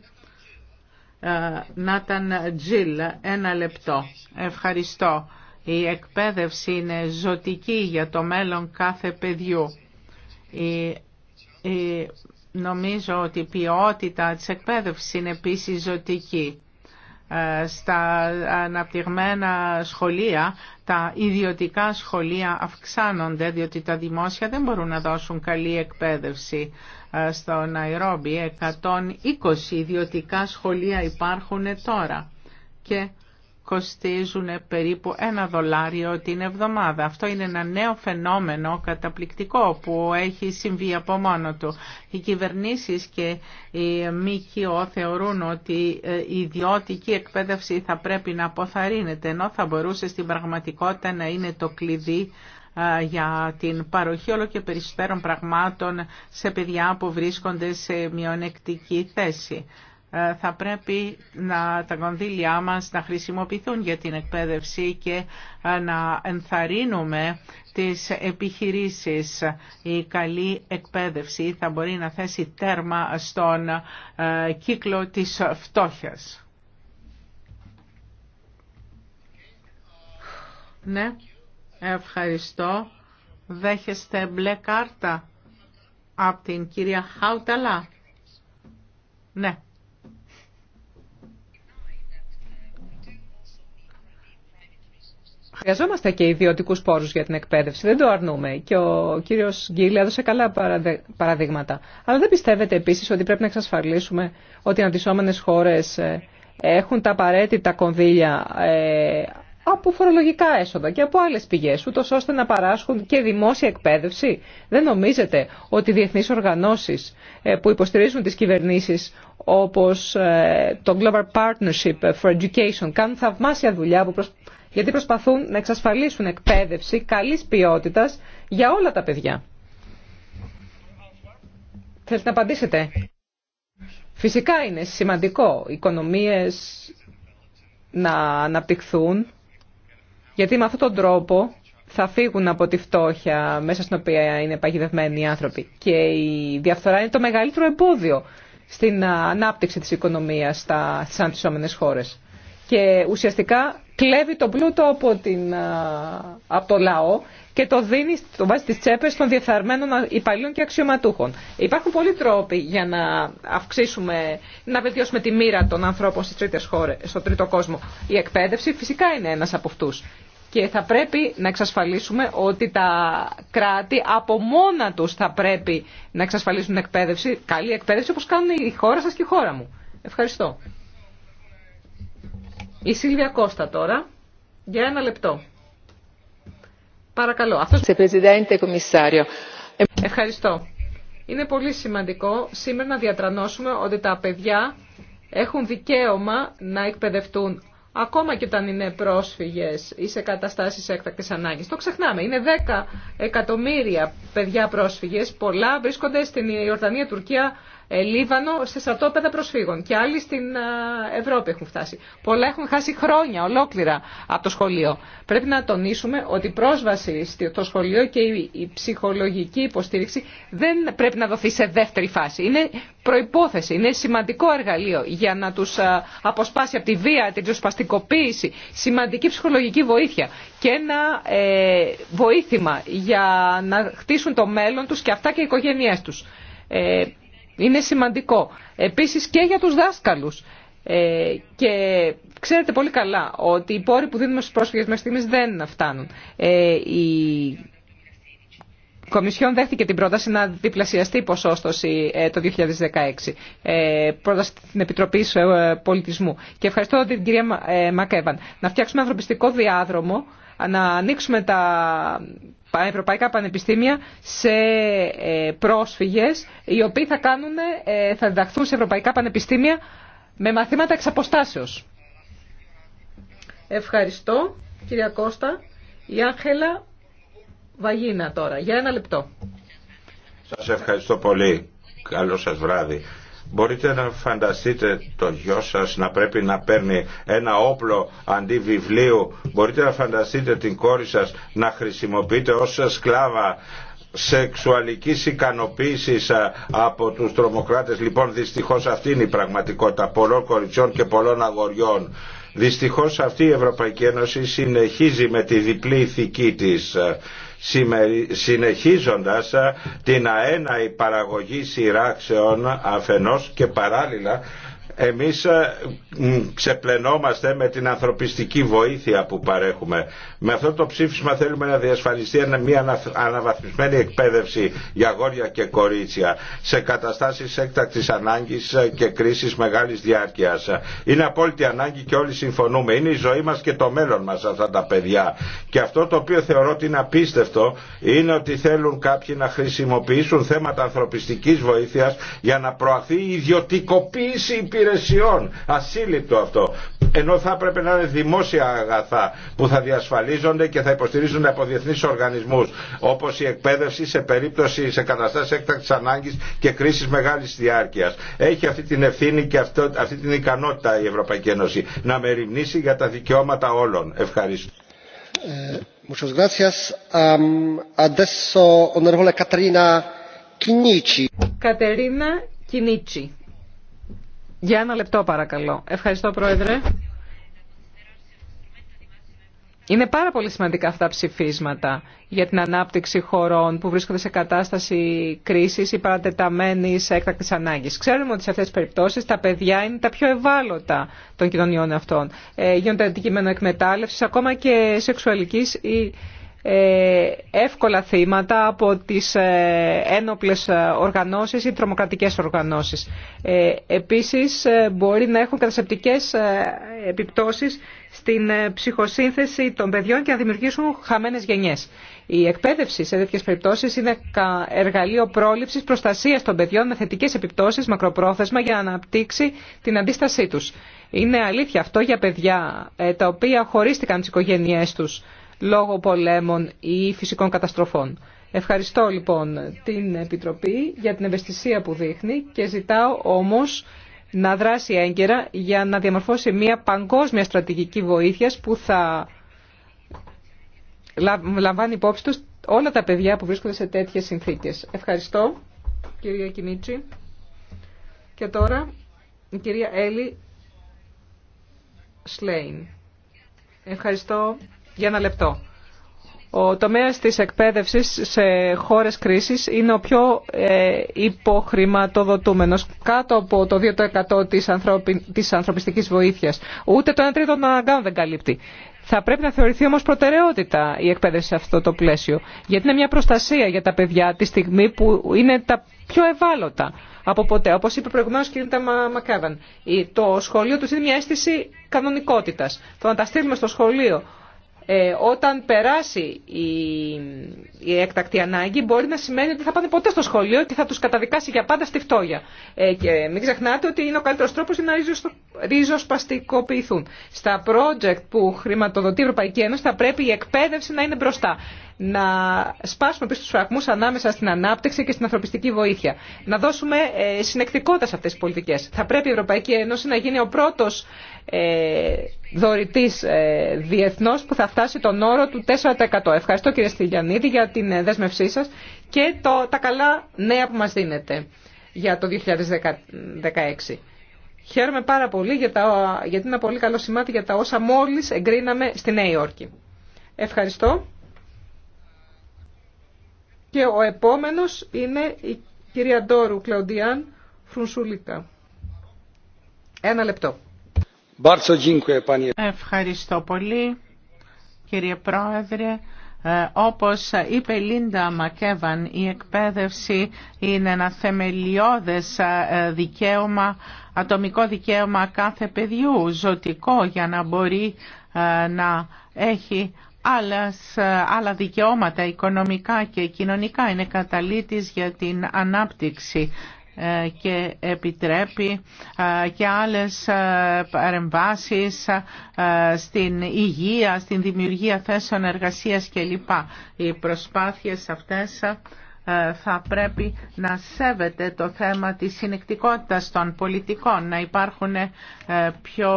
Ε, Νάταν Τζιλ, ένα λεπτό. Ευχαριστώ. Η εκπαίδευση είναι ζωτική για το μέλλον κάθε παιδιού. Η, νομίζω ότι η ποιότητα της εκπαίδευσης είναι επίσης ζωτική. Ε, στα αναπτυγμένα σχολεία, τα ιδιωτικά σχολεία αυξάνονται διότι τα δημόσια δεν μπορούν να δώσουν καλή εκπαίδευση. Ε, στο Ναϊρόμπι 120 ιδιωτικά σχολεία υπάρχουν τώρα και κοστίζουν περίπου ένα δολάριο την εβδομάδα. Αυτό είναι ένα νέο φαινόμενο καταπληκτικό που έχει συμβεί από μόνο του. Οι κυβερνήσεις και οι ΜΚΟ θεωρούν ότι ε, η ιδιωτική εκπαίδευση θα πρέπει να αποθαρρύνεται, ενώ θα μπορούσε στην πραγματικότητα να είναι το κλειδί ε, για την παροχή όλο και περισσότερων πραγμάτων σε παιδιά που βρίσκονται σε μειονεκτική θέση. Ε, θα πρέπει να, τα κονδύλια μας να χρησιμοποιηθούν για την εκπαίδευση και ε, να ενθαρρύνουμε τις επιχειρήσεις. Η καλή εκπαίδευση θα μπορεί να θέσει τέρμα στον ε, κύκλο της φτώχειας. Ναι, ευχαριστώ. Δέχεστε μπλε κάρτα από την κυρία Χάουταλα. Ναι. Χρειαζόμαστε και ιδιωτικού πόρου για την εκπαίδευση. Δεν το αρνούμε. Και ο κύριο Γκίλη έδωσε καλά παραδείγματα. Αλλά δεν πιστεύετε επίση ότι πρέπει να εξασφαλίσουμε ότι οι αντισώμενε χώρε ε, έχουν τα απαραίτητα κονδύλια ε, από φορολογικά έσοδα και από άλλες πηγές, ούτω ώστε να παράσχουν και δημόσια εκπαίδευση. Δεν νομίζετε ότι οι διεθνείς οργανώσεις ε, που υποστηρίζουν τις κυβερνήσεις όπως ε, το Global Partnership for Education κάνουν θαυμάσια δουλειά γιατί προσπαθούν να εξασφαλίσουν εκπαίδευση καλής ποιότητας για όλα τα παιδιά. Θέλετε να απαντήσετε. Φυσικά είναι σημαντικό οικονομίες να αναπτυχθούν γιατί με αυτόν τον τρόπο θα φύγουν από τη φτώχεια μέσα στην οποία είναι παγιδευμένοι οι άνθρωποι. Και η διαφθορά είναι το μεγαλύτερο εμπόδιο στην ανάπτυξη της οικονομίας στα, στις αντισώμενες χώρες. Και ουσιαστικά κλέβει τον πλούτο από, την, το λαό και το, δίνει, το βάζει στις τσέπες των διεφθαρμένων υπαλλήλων και αξιωματούχων. Υπάρχουν πολλοί τρόποι για να αυξήσουμε, να βελτιώσουμε τη μοίρα των ανθρώπων στις τρίτες χώρες, στο τρίτο κόσμο. Η εκπαίδευση φυσικά είναι ένας από αυτούς. Και θα πρέπει να εξασφαλίσουμε ότι τα κράτη από μόνα τους θα πρέπει να εξασφαλίσουν εκπαίδευση, καλή εκπαίδευση όπως κάνουν η χώρα σας και η χώρα μου. Ευχαριστώ. Η Σίλβια Κώστα τώρα, για ένα λεπτό. Παρακαλώ. Αυτός... Ευχαριστώ. Είναι πολύ σημαντικό σήμερα να διατρανώσουμε ότι τα παιδιά έχουν δικαίωμα να εκπαιδευτούν ακόμα και όταν είναι πρόσφυγες ή σε καταστάσεις έκτακτης ανάγκης. Το ξεχνάμε. Είναι 10 εκατομμύρια παιδιά πρόσφυγες. Πολλά βρίσκονται στην Ιορδανία, Τουρκία, ε, Λίβανο, σε στρατόπεδα προσφύγων και άλλοι στην ε, Ευρώπη έχουν φτάσει. Πολλά έχουν χάσει χρόνια ολόκληρα από το σχολείο. Πρέπει να τονίσουμε ότι η πρόσβαση στο σχολείο και η ψυχολογική υποστήριξη δεν πρέπει να δοθεί σε δεύτερη φάση. Είναι προϋπόθεση, είναι σημαντικό εργαλείο για να τους ε, αποσπάσει από τη βία, την ριζοσπαστικοποίηση, σημαντική ψυχολογική βοήθεια και ένα ε, βοήθημα για να χτίσουν το μέλλον τους και αυτά και οι οικογένειές τους είναι σημαντικό. Επίσης και για τους δάσκαλους. Ε, και ξέρετε πολύ καλά ότι οι πόροι που δίνουμε στους πρόσφυγες μέχρι στιγμής δεν φτάνουν. Ε, η Κομισιόν δέχτηκε την πρόταση να διπλασιαστεί η ποσόστοση ε, το 2016. Ε, πρόταση στην Επιτροπή ε, Πολιτισμού. Και ευχαριστώ την κυρία ε, Μακέβαν. Να φτιάξουμε ανθρωπιστικό διάδρομο, να ανοίξουμε τα, ευρωπαϊκά πανεπιστήμια σε ε, πρόσφυγες οι οποίοι θα, κάνουν, ε, θα διδαχθούν σε ευρωπαϊκά πανεπιστήμια με μαθήματα εξ αποστάσεως. Ευχαριστώ, κυρία Κώστα. Η Άγγελα Βαγίνα τώρα, για ένα λεπτό. Σας ευχαριστώ πολύ. Καλό σας βράδυ. Μπορείτε να φανταστείτε το γιο σας να πρέπει να παίρνει ένα όπλο αντί βιβλίου. Μπορείτε να φανταστείτε την κόρη σας να χρησιμοποιείται ως σκλάβα σεξουαλικής ικανοποίησης από τους τρομοκράτες. Λοιπόν, δυστυχώς αυτή είναι η πραγματικότητα πολλών κοριτσιών και πολλών αγοριών. Δυστυχώς αυτή η Ευρωπαϊκή Ένωση συνεχίζει με τη διπλή ηθική της συνεχίζοντας την αέναη παραγωγή σειράξεων αφενός και παράλληλα εμείς ε, ξεπλενόμαστε με την ανθρωπιστική βοήθεια που παρέχουμε. Με αυτό το ψήφισμα θέλουμε να διασφαλιστεί μια αναβαθμισμένη εκπαίδευση για αγόρια και κορίτσια σε καταστάσεις έκτακτης ανάγκης ε, και κρίσης μεγάλης διάρκειας. Είναι απόλυτη ανάγκη και όλοι συμφωνούμε. Είναι η ζωή μας και το μέλλον μας αυτά τα παιδιά. Και αυτό το οποίο θεωρώ ότι είναι απίστευτο είναι ότι θέλουν κάποιοι να χρησιμοποιήσουν θέματα ανθρωπιστικής βοήθειας για να προαθεί η ιδιωτικοποίηση υπηρεσιών. Ασύλληπτο αυτό. Ενώ θα έπρεπε να είναι δημόσια αγαθά που θα διασφαλίζονται και θα υποστηρίζονται από διεθνεί οργανισμού όπω η εκπαίδευση σε περίπτωση σε καταστάσει έκτακτη ανάγκη και κρίση μεγάλη διάρκεια. Έχει αυτή την ευθύνη και αυτό, αυτή την ικανότητα η Ευρωπαϊκή Ένωση να μεριμνήσει για τα δικαιώματα όλων. Ευχαριστώ. Κατερίνα Κινίτσι. Για ένα λεπτό παρακαλώ. Ευχαριστώ Πρόεδρε. Είναι πάρα πολύ σημαντικά αυτά ψηφίσματα για την ανάπτυξη χωρών που βρίσκονται σε κατάσταση κρίσης ή παρατεταμένης έκτακτης ανάγκης. Ξέρουμε ότι σε αυτές τις περιπτώσεις τα παιδιά είναι τα πιο ευάλωτα των κοινωνιών αυτών. Ε, γίνονται αντικείμενο εκμετάλλευσης, ακόμα και σεξουαλικής ή ε, εύκολα θύματα από τις ε, ένοπλες ε, οργανώσεις ή τρομοκρατικές οργανώσεις. Επίσης μπορεί να έχουν κατασεπτικές επιπτώσεις στην ψυχοσύνθεση των παιδιών και να δημιουργήσουν χαμένες γενιές. Η εκπαίδευση σε τέτοιες περιπτώσει είναι εργαλείο πρόληψης προστασίας των παιδιών με θετικέ επιπτώσει μακροπρόθεσμα για να αναπτύξει την αντίστασή τους. Είναι αλήθεια αυτό για παιδιά τα οποία χωρίστηκαν τι οικογένειές τους λόγω πολέμων ή φυσικών καταστροφών. Ευχαριστώ λοιπόν την Επιτροπή για την ευαισθησία που δείχνει και ζητάω όμως να δράσει έγκαιρα για να διαμορφώσει μια παγκόσμια στρατηγική βοήθειας που θα λαμβάνει υπόψη τους όλα τα παιδιά που βρίσκονται σε τέτοιες συνθήκες. Ευχαριστώ κυρία Κινίτσι. Και τώρα η κυρία Έλλη Σλέιν. Ευχαριστώ για ένα λεπτό. Ο τομέας της εκπαίδευσης σε χώρες κρίσης είναι ο πιο ε, υποχρηματοδοτούμενος. Κάτω από το 2% της, ανθρωπι... της ανθρωπιστικής βοήθειας. Ούτε το 1 τρίτο των αναγκών δεν καλύπτει. Θα πρέπει να θεωρηθεί όμως προτεραιότητα η εκπαίδευση σε αυτό το πλαίσιο. Γιατί είναι μια προστασία για τα παιδιά τη στιγμή που είναι τα πιο ευάλωτα από ποτέ. όπω είπε προηγουμένως η κ. Μακέβαν, το σχολείο του είναι μια αίσθηση κανονικότητα. Το να τα στείλουμε στο σχολείο ε, όταν περάσει η, έκτακτη ανάγκη μπορεί να σημαίνει ότι θα πάνε ποτέ στο σχολείο και θα τους καταδικάσει για πάντα στη φτώγια. Ε, και μην ξεχνάτε ότι είναι ο καλύτερος τρόπος για να ριζοσπαστικοποιηθούν. Στα project που χρηματοδοτεί η Ευρωπαϊκή Ένωση θα πρέπει η εκπαίδευση να είναι μπροστά να σπάσουμε πίσω του φραγμούς ανάμεσα στην ανάπτυξη και στην ανθρωπιστική βοήθεια. Να δώσουμε ε, συνεκτικότητα σε αυτές τι πολιτικές. Θα πρέπει η Ευρωπαϊκή Ένωση να γίνει ο πρώτος ε, δωρητής ε, διεθνώ που θα φτάσει τον όρο του 4%. Ευχαριστώ κύριε Στυλιανίδη για την δέσμευσή σα και το, τα καλά νέα που μα δίνετε για το 2016. Χαίρομαι πάρα πολύ γιατί είναι ένα πολύ καλό σημάδι για τα όσα μόλις εγκρίναμε στη Νέα Υόρκη. Ευχαριστώ. Και ο επόμενος είναι η κυρία Ντόρου Κλαοντιάν Φρουνσούλικα. Ένα λεπτό. Ευχαριστώ πολύ κύριε Πρόεδρε. Ε, όπως είπε η Λίντα Μακέβαν, η εκπαίδευση είναι ένα θεμελιώδες ε, δικαίωμα, ατομικό δικαίωμα κάθε παιδιού, ζωτικό για να μπορεί ε, να έχει άλλες, ε, άλλα δικαιώματα οικονομικά και κοινωνικά. Είναι καταλήτης για την ανάπτυξη ε, και επιτρέπει ε, και άλλες παρεμβάσεις στην υγεία, στην δημιουργία θέσεων εργασίας κλπ. Οι προσπάθειες αυτές ε, θα πρέπει να σέβεται το θέμα της συνεκτικότητας των πολιτικών, να υπάρχουν ε, πιο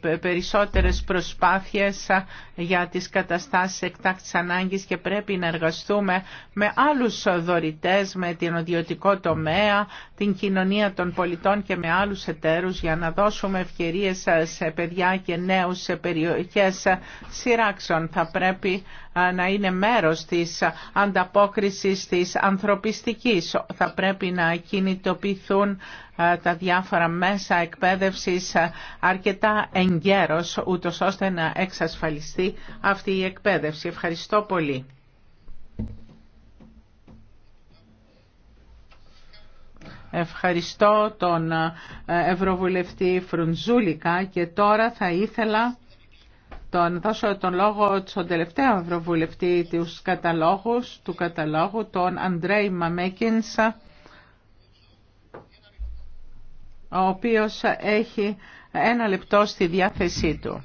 περισσότερες προσπάθειες ε, για τις καταστάσεις εκτάκτης ανάγκης και πρέπει να εργαστούμε με άλλους δωρητές, με την ιδιωτικό τομέα, την κοινωνία των πολιτών και με άλλους εταίρους για να δώσουμε ευκαιρίες σε παιδιά και νέους σε περιοχές σειράξεων. Θα πρέπει να είναι μέρος της ανταπόκρισης της ανθρωπιστικής. Θα πρέπει να κινητοποιηθούν τα διάφορα μέσα εκπαίδευσης αρκετά εγκαίρως, ούτως ώστε να εξασφαλιστεί αυτή η εκπαίδευση. Ευχαριστώ πολύ. Ευχαριστώ τον Ευρωβουλευτή Φρουντζούλικα και τώρα θα ήθελα τον, δώσω τον λόγο στον τελευταίο ευρωβουλευτή του καταλόγου, του καταλόγου, τον Αντρέι Μαμέκινσα, ο οποίος έχει ένα λεπτό στη διάθεσή του.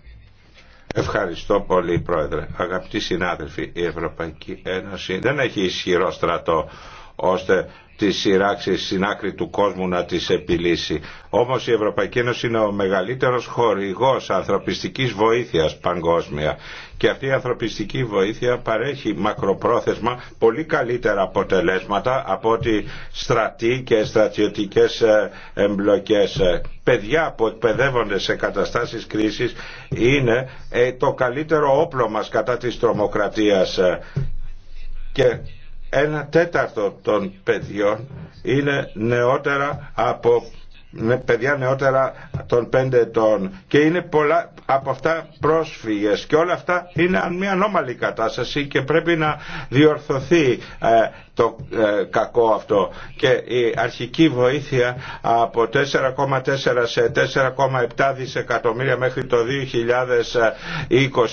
Ευχαριστώ πολύ Πρόεδρε. Αγαπητοί συνάδελφοι, η Ευρωπαϊκή Ένωση δεν έχει ισχυρό στρατό ώστε τι σειράξει στην άκρη του κόσμου να τι επιλύσει. Όμως η Ευρωπαϊκή Ένωση είναι ο μεγαλύτερος χορηγός ανθρωπιστικής βοήθειας παγκόσμια και αυτή η ανθρωπιστική βοήθεια παρέχει μακροπρόθεσμα πολύ καλύτερα αποτελέσματα από ότι στρατοί και στρατιωτικές ε, εμπλοκέ, ε, Παιδιά που εκπαιδεύονται σε καταστάσεις κρίση είναι ε, το καλύτερο όπλο μας κατά της τρομοκρατίας και ένα τέταρτο των παιδιών είναι νεότερα από παιδιά νεότερα των πέντε ετών και είναι πολλά από αυτά πρόσφυγες και όλα αυτά είναι μια ανώμαλη κατάσταση και πρέπει να διορθωθεί ε, το ε, κακό αυτό. Και η αρχική βοήθεια από 4,4 σε 4,7 δισεκατομμύρια μέχρι το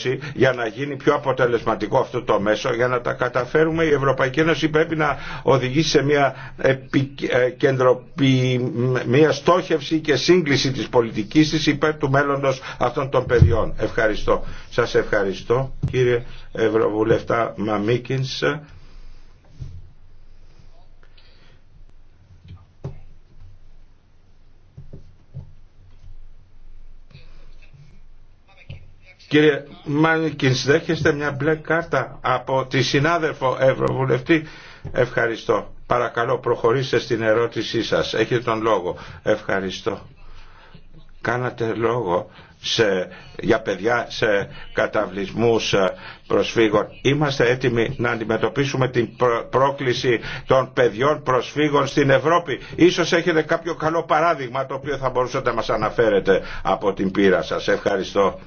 2020 για να γίνει πιο αποτελεσματικό αυτό το μέσο, για να τα καταφέρουμε η Ευρωπαϊκή Ένωση πρέπει να οδηγήσει σε μια, ε, μια στόχευση και σύγκληση της πολιτικής της υπέρ του μέλλοντος αυτών των παιδιών. Ευχαριστώ. Σας ευχαριστώ κύριε Ευρωβουλευτά Μαμίκινς. Κύριε Μάνικινς, δέχεστε μια μπλε κάρτα από τη συνάδελφο Ευρωβουλευτή. Ευχαριστώ. Παρακαλώ προχωρήστε στην ερώτησή σας. Έχετε τον λόγο. Ευχαριστώ. Κάνατε λόγο σε, για παιδιά σε καταβλισμούς ε, προσφύγων. Είμαστε έτοιμοι να αντιμετωπίσουμε την πρόκληση των παιδιών προσφύγων στην Ευρώπη. Ίσως έχετε κάποιο καλό παράδειγμα το οποίο θα μπορούσατε να μας αναφέρετε από την πείρα σας. Ευχαριστώ.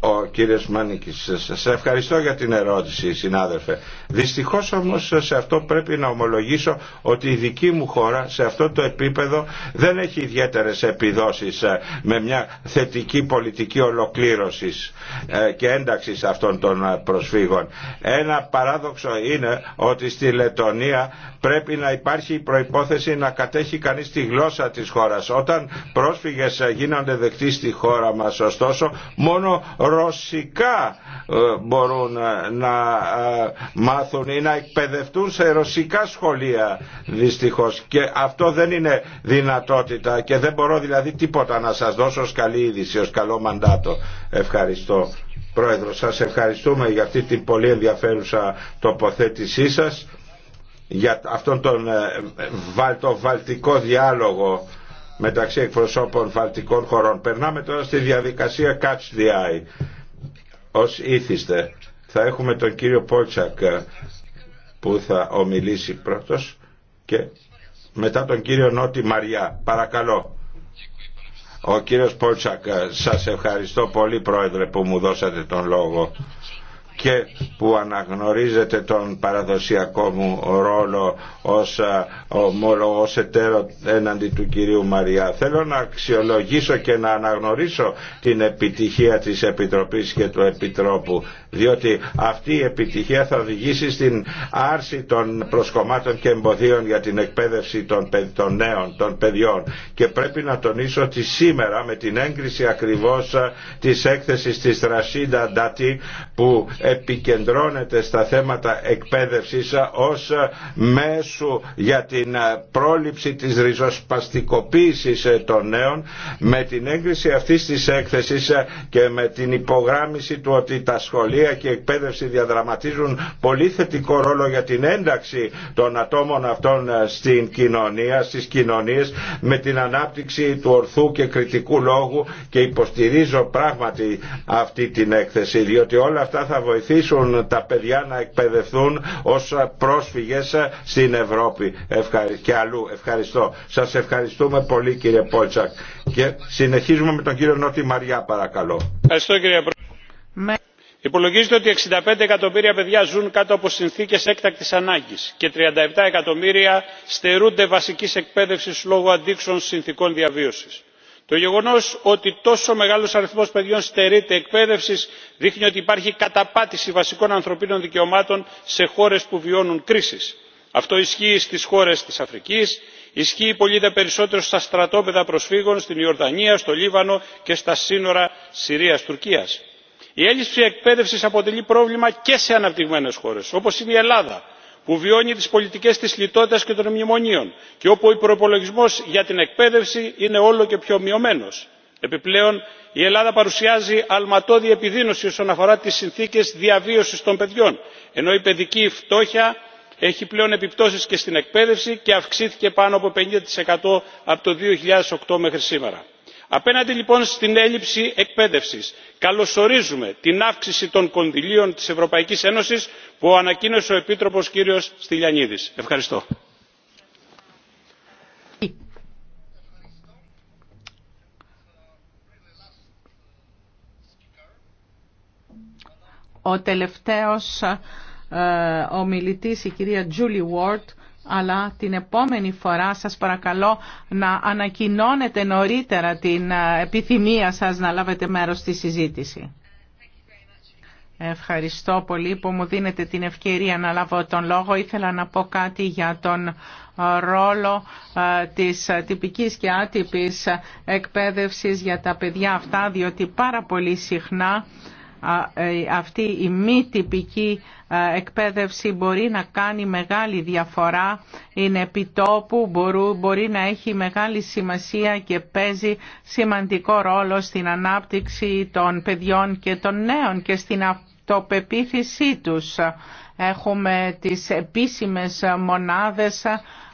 Ο κύριος Μάνικης, σας ευχαριστώ για την ερώτηση συνάδελφε. Δυστυχώς όμως σε αυτό πρέπει να ομολογήσω ότι η δική μου χώρα σε αυτό το επίπεδο δεν έχει ιδιαίτερες επιδόσεις ε, με μια θετική πολιτική ολοκλήρωσης ε, και ένταξης αυτών των ε, προσφύγων. Ένα παράδοξο είναι ότι στη Λετωνία πρέπει να υπάρχει η προϋπόθεση να κατέχει κανείς τη γλώσσα της χώρας. Όταν πρόσφυγες γίνονται δεκτοί στη χώρα μας ωστόσο μόνο ρωσικά ε, μπορούν ε, να ε, μάθουν ή να εκπαιδευτούν σε ρωσικά σχολεία δυστυχώς και αυτό δεν είναι δυνατότητα και δεν μπορώ δηλαδή τίποτα να σας δώσω ως καλή είδηση, ως καλό μαντάτο. Ευχαριστώ. Πρόεδρο, σας ευχαριστούμε για αυτή την πολύ ενδιαφέρουσα τοποθέτησή σας για αυτόν τον βαλτοβαλτικό διάλογο μεταξύ εκπροσώπων φάλτικων χωρών. Περνάμε τώρα στη διαδικασία Catch the Eye. Ως ήθιστε θα έχουμε τον κύριο Πότσακ ε, που θα ομιλήσει πρώτος και μετά τον κύριο Νότι Μαριά. Παρακαλώ. Ο κύριος Πότσακ, ε, σας ευχαριστώ πολύ πρόεδρε που μου δώσατε τον λόγο και που αναγνωρίζετε τον παραδοσιακό μου ρόλο ως ε, ομόλογος εταίρο έναντι του κυρίου Μαριά. Θέλω να αξιολογήσω και να αναγνωρίσω την επιτυχία της Επιτροπής και του Επιτρόπου διότι αυτή η επιτυχία θα οδηγήσει στην άρση των προσκομμάτων και εμποδίων για την εκπαίδευση των, των νέων, των παιδιών και πρέπει να τονίσω ότι σήμερα με την έγκριση ακριβώς ε, της έκθεσης της Ρασίντα Ντάτι που επικεντρώνεται στα θέματα εκπαίδευσης ως μέσου για την πρόληψη της ριζοσπαστικοποίησης των νέων με την έγκριση αυτής της έκθεσης και με την υπογράμμιση του ότι τα σχολεία και η εκπαίδευση διαδραματίζουν πολύ θετικό ρόλο για την ένταξη των ατόμων αυτών στην κοινωνία, στις κοινωνίες με την ανάπτυξη του ορθού και κριτικού λόγου και υποστηρίζω πράγματι αυτή την έκθεση διότι όλα αυτά θα βοηθήσουν βοηθήσουν τα παιδιά να εκπαιδευτούν ως πρόσφυγες στην Ευρώπη και αλλού. Ευχαριστώ. Σας ευχαριστούμε πολύ κύριε Πόλτσακ. Και συνεχίζουμε με τον κύριο Νότι Μαριά παρακαλώ. Ευχαριστώ κύριε Πρόεδρε. Υπολογίζεται ότι 65 εκατομμύρια παιδιά ζουν κάτω από συνθήκες έκτακτης ανάγκης και 37 εκατομμύρια στερούνται βασικής εκπαίδευσης λόγω αντίξων συνθήκων διαβίωσης το γεγονό ότι τόσο μεγάλος αριθμός παιδιών στερείται εκπαίδευση δείχνει ότι υπάρχει καταπάτηση βασικών ανθρωπίνων δικαιωμάτων σε χώρες που βιώνουν κρίσει. αυτό ισχύει στις χώρες της αφρικής ισχύει πολύ δε περισσότερο στα στρατόπεδα προσφύγων στην ιορδανία στο λίβανο και στα σύνορα συρίας Τουρκία. η έλλειψη εκπαίδευση αποτελεί πρόβλημα και σε αναπτυγμένε χώρε, όπω είναι η ελλάδα που βιώνει τις πολιτικές της λιτότητας και των μνημονίων και όπου ο προπολογισμό για την εκπαίδευση είναι όλο και πιο μειωμένος. επιπλέον η ελλάδα παρουσιάζει αλματώδη επιδείνωση όσον αφορά τις συνθήκες διαβίωσης των παιδιών ενώ η παιδική φτώχεια έχει πλέον επιπτώσεις και στην εκπαίδευση και αυξήθηκε πάνω από 50% από το 2008 μέχρι σήμερα απέναντι λοιπόν στην έλλειψη εκπαίδευση καλωσορίζουμε την αύξηση των κονδυλίων της ευρωπαϊκής ένωσης που ανακοίνωσε ο επίτροπος κ. στυλιανίδης. ευχαριστώ. Ο τελευταίος ε, ομιλητής, η κυρία Julie Ward, αλλά την επόμενη φορά σας παρακαλώ να ανακοινώνετε νωρίτερα την ε, επιθυμία σας να λάβετε μέρος στη συζήτηση. Ευχαριστώ πολύ που μου δίνετε την ευκαιρία να λάβω τον λόγο. Ήθελα να πω κάτι για τον ε, ρόλο ε, της τυπικής και άτυπης εκπαίδευσης για τα παιδιά αυτά, διότι πάρα πολύ συχνά ε, αυτή η μη τυπική ε, εκπαίδευση μπορεί να κάνει μεγάλη διαφορά, είναι επιτόπου, μπορεί να έχει μεγάλη σημασία και παίζει σημαντικό ρόλο στην ανάπτυξη των παιδιών και των νέων και στην αυτοπεποίθησή τους. Έχουμε τις επίσημες μονάδες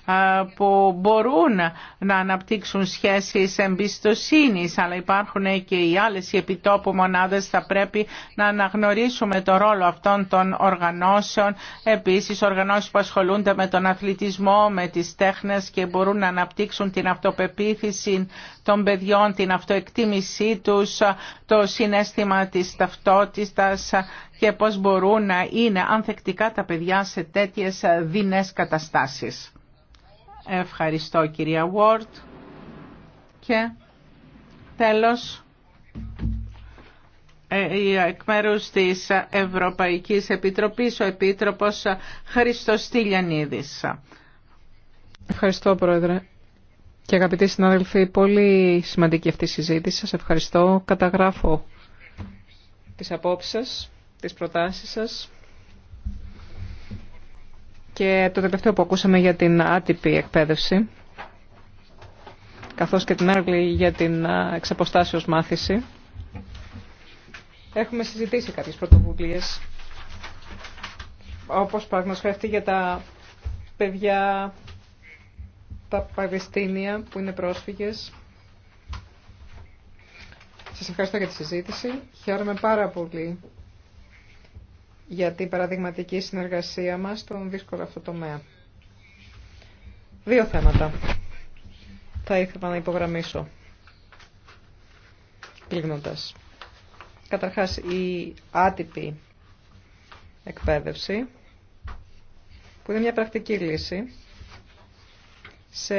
ε, που μπορούν να αναπτύξουν σχέσεις εμπιστοσύνης, αλλά υπάρχουν και οι άλλες επιτόπου μονάδες θα πρέπει να αναγνωρίσουμε το ρόλο αυτών των οργανώσεων, επίσης οργανώσεις που ασχολούνται με τον αθλητισμό, με τις τέχνες και μπορούν να αναπτύξουν την αυτοπεποίθηση των παιδιών, την αυτοεκτίμησή τους, το συνέστημα της ταυτότητας και πώς μπορούν να είναι ανθεκτικά τα παιδιά σε τέτοιες δεινές καταστάσεις. Ευχαριστώ κυρία Ward. Και τέλος, ε, εκ μέρου της Ευρωπαϊκής Επιτροπής, ο Επίτροπος Χριστός Τηλιανίδης. Ευχαριστώ Πρόεδρε. Και αγαπητοί συνάδελφοι, πολύ σημαντική αυτή η συζήτηση. Σας ευχαριστώ. Καταγράφω τις απόψεις σας, τις προτάσεις σας και το τελευταίο που ακούσαμε για την άτυπη εκπαίδευση, καθώς και την έργλη για την εξαποστάσεως μάθηση, έχουμε συζητήσει κάποιες πρωτοβουλίες, όπως αυτή για τα παιδιά, τα Παλαιστίνια που είναι πρόσφυγες. Σας ευχαριστώ για τη συζήτηση. Χαίρομαι πάρα πολύ για την παραδειγματική συνεργασία μας στον δύσκολο αυτό τομέα. Δύο θέματα θα ήθελα να υπογραμμίσω κλείνοντας. Καταρχάς η άτυπη εκπαίδευση που είναι μια πρακτική λύση σε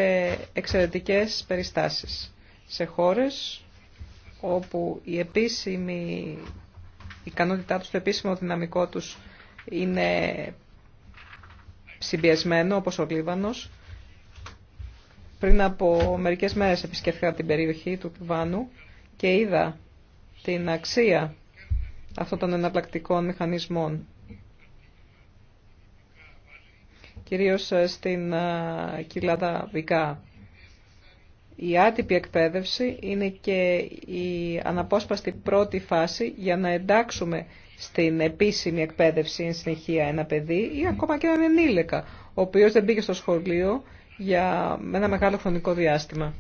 εξαιρετικές περιστάσεις. Σε χώρες όπου η επίσημη η ικανότητά τους, το επίσημο δυναμικό τους είναι συμπιεσμένο, όπως ο Λίβανος. Πριν από μερικές μέρες επισκέφθηκα την περιοχή του Λιβάνου και είδα την αξία αυτών των εναλλακτικών μηχανισμών. Κυρίως ε, στην ε, κοιλάδα Βικά η άτυπη εκπαίδευση είναι και η αναπόσπαστη πρώτη φάση για να εντάξουμε στην επίσημη εκπαίδευση εν συνεχεία ένα παιδί ή ακόμα και έναν ενήλικα, ο οποίος δεν πήγε στο σχολείο για ένα μεγάλο χρονικό διάστημα.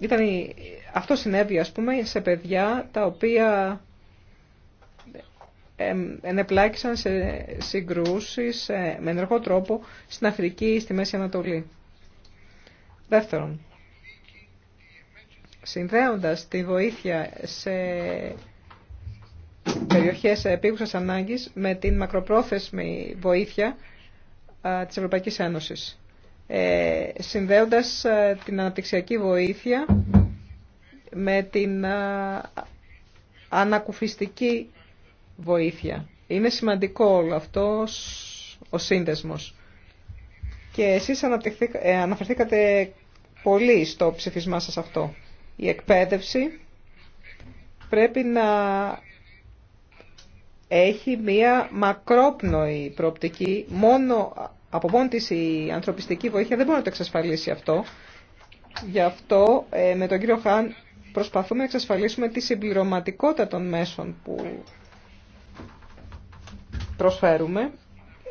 Ήταν η... Αυτό για ενα μεγαλο χρονικο διαστημα ηταν αυτο συνεβη ας πούμε, σε παιδιά τα οποία ενεπλάκησαν σε συγκρούσεις ε, με ενεργό τρόπο στην Αφρική ή στη Μέση Ανατολή. Δεύτερον, συνδέοντας τη βοήθεια σε περιοχές επίγουσας ανάγκης με την μακροπρόθεσμη βοήθεια της Ευρωπαϊκής Ένωσης. Ε, συνδέοντας την αναπτυξιακή βοήθεια με την ανακουφιστική βοήθεια. Είναι σημαντικό όλο αυτό ο σύνδεσμος και εσείς ε, αναφερθήκατε πολύ στο ψηφισμά σας αυτό. Η εκπαίδευση πρέπει να έχει μία μακρόπνοη προοπτική. Μόνο από μόνη η ανθρωπιστική βοήθεια δεν μπορεί να το εξασφαλίσει αυτό. Γι' αυτό ε, με τον κύριο Χάν προσπαθούμε να εξασφαλίσουμε τη συμπληρωματικότητα των μέσων που προσφέρουμε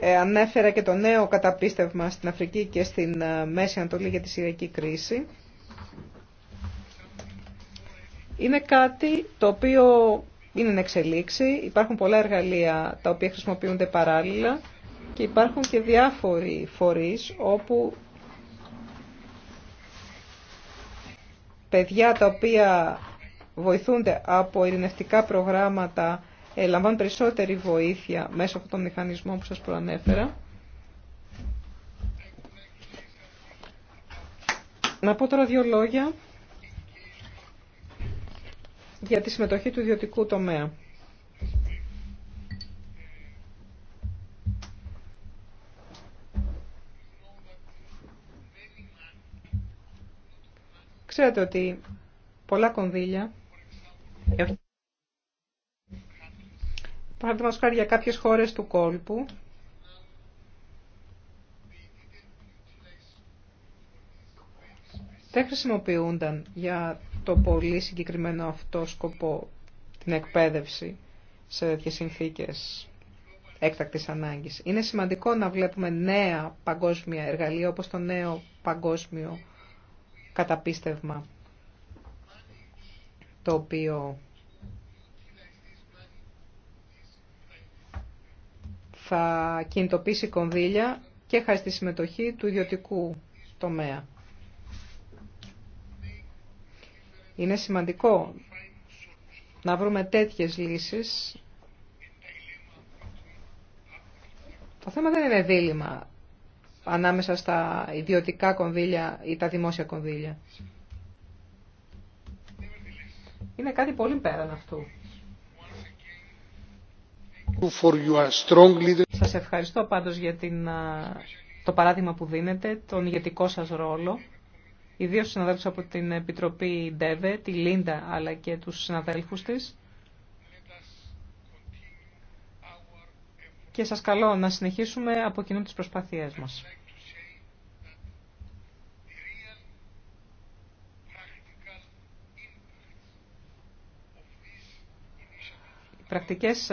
ε, ανέφερα και το νέο καταπίστευμα στην Αφρική και στην ε, Μέση Ανατολή για τη Συριακή κρίση. Είναι κάτι το οποίο είναι εξελίξη. Υπάρχουν πολλά εργαλεία τα οποία χρησιμοποιούνται παράλληλα και υπάρχουν και διάφοροι φορείς όπου παιδιά τα οποία βοηθούνται από ειρηνευτικά προγράμματα ε, λαμβάνουν περισσότερη βοήθεια μέσω από τον μηχανισμό που σας προανέφερα. Να πω τώρα δύο λόγια για τη συμμετοχή του ιδιωτικού τομέα. Ξέρετε ότι πολλά κονδύλια παραδείγματος χάρη για κάποιες χώρες του κόλπου, δεν χρησιμοποιούνταν για το πολύ συγκεκριμένο αυτό σκοπό την εκπαίδευση σε τέτοιες συνθήκες έκτακτης ανάγκης. Είναι σημαντικό να βλέπουμε νέα παγκόσμια εργαλεία όπως το νέο παγκόσμιο καταπίστευμα το οποίο θα κινητοποιήσει κονδύλια και χάρη στη συμμετοχή του ιδιωτικού τομέα. Είναι σημαντικό να βρούμε τέτοιες λύσεις. Το θέμα δεν είναι δίλημα ανάμεσα στα ιδιωτικά κονδύλια ή τα δημόσια κονδύλια. Είναι κάτι πολύ πέραν αυτού. Σας ευχαριστώ πάντως για την, το παράδειγμα που δίνετε, τον ηγετικό σας ρόλο. Ιδίως τους συναδέλφους από την Επιτροπή ΔΕΒΕ, τη Λίντα, αλλά και τους συναδέλφους της. Και σας καλώ να συνεχίσουμε από κοινού τις προσπάθειές μας. πρακτικές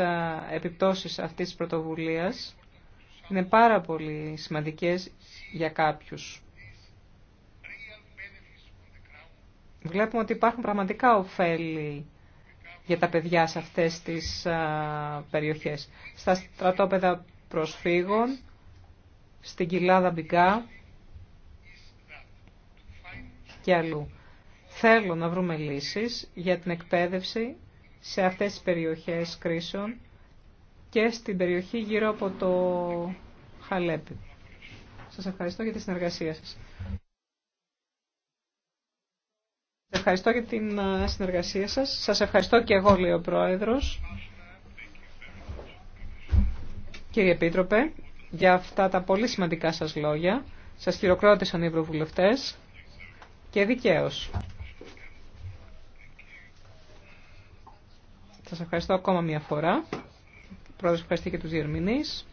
επιπτώσεις αυτής της πρωτοβουλίας είναι πάρα πολύ σημαντικές για κάποιους. Βλέπουμε ότι υπάρχουν πραγματικά ωφέλη για τα παιδιά σε αυτές τις περιοχές. Στα στρατόπεδα προσφύγων, στην κοιλάδα Μπιγκά και αλλού. Θέλω να βρούμε λύσεις για την εκπαίδευση σε αυτές τις περιοχές κρίσεων και στην περιοχή γύρω από το Χαλέπι. Σας ευχαριστώ για τη συνεργασία σας. Σας ευχαριστώ για την ε, συνεργασία σας. Σας ευχαριστώ και εγώ, λέει ο Πρόεδρος. Κύριε Επίτροπε, για αυτά τα πολύ σημαντικά σας λόγια. Σας χειροκρότησαν οι ευρωβουλευτές και δικαίως. Σας ευχαριστώ ακόμα μια φορά. Πρόεδρος ευχαριστώ και τους διερμηνείς.